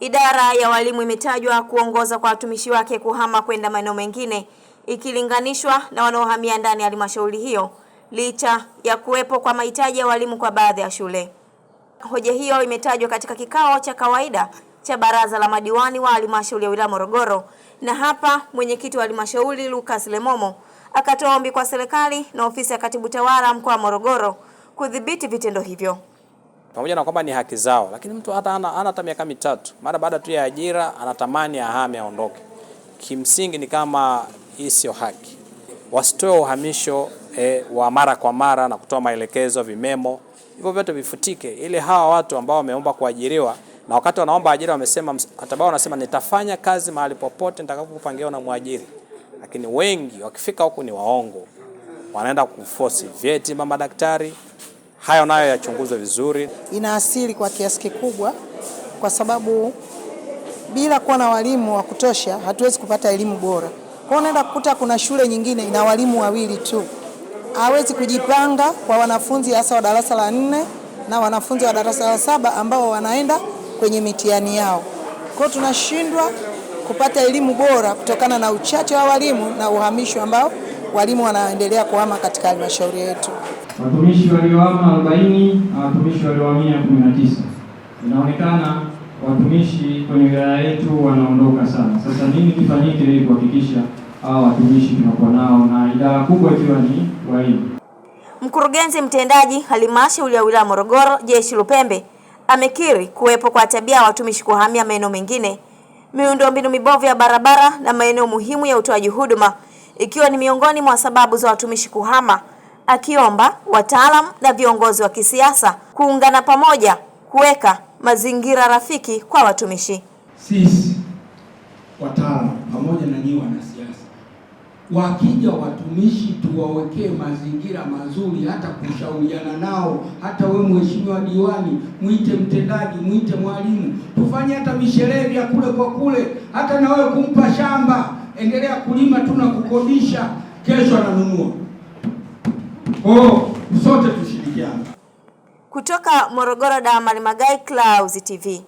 Idara ya walimu imetajwa kuongoza kwa watumishi wake kuhama kwenda maeneo mengine ikilinganishwa na wanaohamia ndani ya halmashauri hiyo licha ya kuwepo kwa mahitaji ya walimu kwa baadhi ya shule. Hoja hiyo imetajwa katika kikao cha kawaida cha baraza la madiwani wa halmashauri ya wilaya Morogoro, na hapa mwenyekiti wa halmashauri Lucas Lemomo akatoa ombi kwa serikali na ofisi ya katibu tawala mkoa wa Morogoro kudhibiti vitendo hivyo pamoja na kwamba ni haki zao, lakini mtu hata ana hata miaka mitatu, mara baada tu ya ajira anatamani ahame, aondoke. Kimsingi ni kama hii sio haki. Wasitoe uhamisho e, wa mara kwa mara na kutoa maelekezo vimemo, hivyo vyote vifutike, ili hawa watu ambao wameomba kuajiriwa na wakati wanaomba ajira wamesema, hata wao wanasema nitafanya kazi mahali popote nitakapopangiwa na mwajiri, lakini wengi wakifika huku ni waongo, wanaenda kuforce vyeti mama daktari hayo nayo yachunguzwe vizuri. Ina asili kwa kiasi kikubwa, kwa sababu bila kuwa na walimu wa kutosha hatuwezi kupata elimu bora. Kwa unaenda kukuta kuna shule nyingine ina walimu wawili tu, hawezi kujipanga kwa wanafunzi hasa wa darasa la nne na wanafunzi wa darasa la saba ambao wanaenda kwenye mitihani yao. Kwa hiyo tunashindwa kupata elimu bora kutokana na uchache wa walimu na uhamisho ambao walimu wanaendelea kuhama katika halmashauri yetu watumishi walioama arobaini na watumishi waliohamia kumi na tisa. Inaonekana watumishi kwenye wilaya yetu wanaondoka sana. Sasa nini kifanyike ili kuhakikisha hawa watumishi tunakuwa nao na idara kubwa ikiwa ni walimu Mkurugenzi mtendaji halmashauri ya wilaya Morogoro Jeshi Lupembe amekiri kuwepo kwa tabia ya watumishi kuhamia maeneo mengine, miundombinu mibovu ya barabara na maeneo muhimu ya utoaji huduma ikiwa ni miongoni mwa sababu za watumishi kuhama akiomba wataalam na viongozi wa kisiasa kuungana pamoja kuweka mazingira rafiki kwa watumishi. Sisi wataalam pamoja na nyinyi wanasiasa, wakija watumishi tuwawekee mazingira mazuri, hata kushauriana nao. Hata we mheshimiwa diwani, mwite mtendaji, mwite mwalimu, tufanye hata visherehe vya kule kwa kule, hata na wewe kumpa shamba, endelea kulima, tuna kukodisha, kesho ananunua. Kwa oh, sote tushirikiane. Kutoka Morogoro, Damali malimagai Clouds TV.